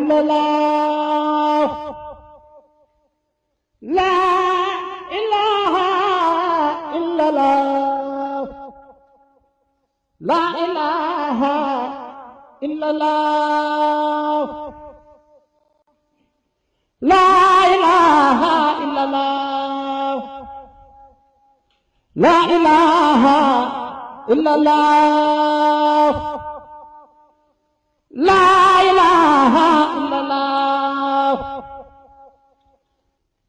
illallah la ilaha illallah la ilaha illallah la ilaha illallah la ilaha illallah لا إله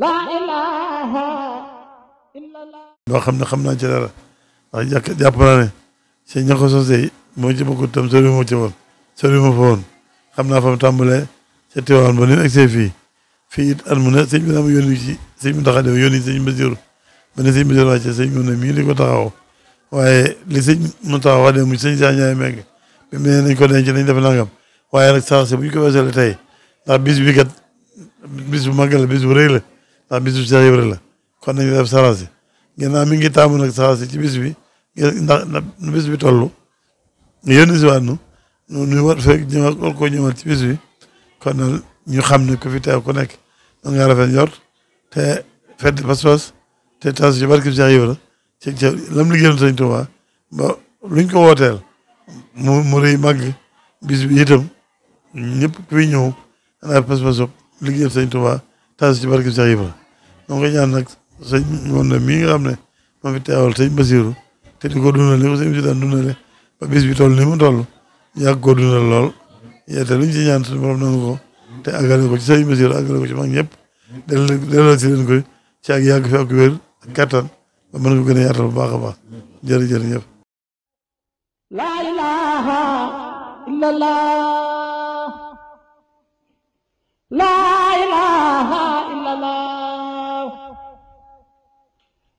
laa ilaaha illallah loo xam ne xam naa ci dara ndax jàkk jàpp naa ne si ña ko sosey moo ci bokkut tam sori moo ci woon sori ma fa woon xam naa fa mu tàmbalee ca Tiwaan ba ni mu egsee fii fii it at mu ne sëñ bi dama yónni ci sëñ bi ndaxa dem yónni sëñ Basiru ba ne sëñ Basiru wàcce sëñ mu ne mii li ko taxaw waaye li sëñ mu taxaw wax de mu sëñ saa ñaay meeg bi mu ne nañ ko denc nañ def nangam waaye nag saa si bu ñu ko weesale tey ndax bis bi kat bis bu màgg la bis bu rëy la ndax bis bi Cheikh la kon nañu def salaas yi ginnaaw mi ngi taamu nag salaas ci bis bi ndax nu bis bi toll yéen si waat nu nu nu war fekk ñëwaat war ci bis bi kon nag ñu xam ne ku fi teew ku nekk da ngaa rafet njort te fedd pas-pas te tas ci barke Cheikh Ibra ca lam liggéeyoon Sëñ Tuubaa ba luñ ko wooteel mu mu rëy màgg bis bi itam ñëpp kuy ñëw xanaa pas-pas liggéeyal Sëñ Tuubaa tas ci barke Cheikh Ibra ñoo ngi ñaan nag sëñ moom la mii xam ne moo fi teewal sëñ Basiiru te di ko dundale ko sëñ bi daan dundale ba bis bi toll ni mu toll yàgg ko dundal lool te luñ ci ñaan suñu borom nangu ko te àggale ko ci sëñ Basiiru àggale ko ci mag ñëpp delloo si koy ci ak yàgg fi ak wér ak ba mën ko gën a yaatal bu baax a baax jërëjëf ñëpp la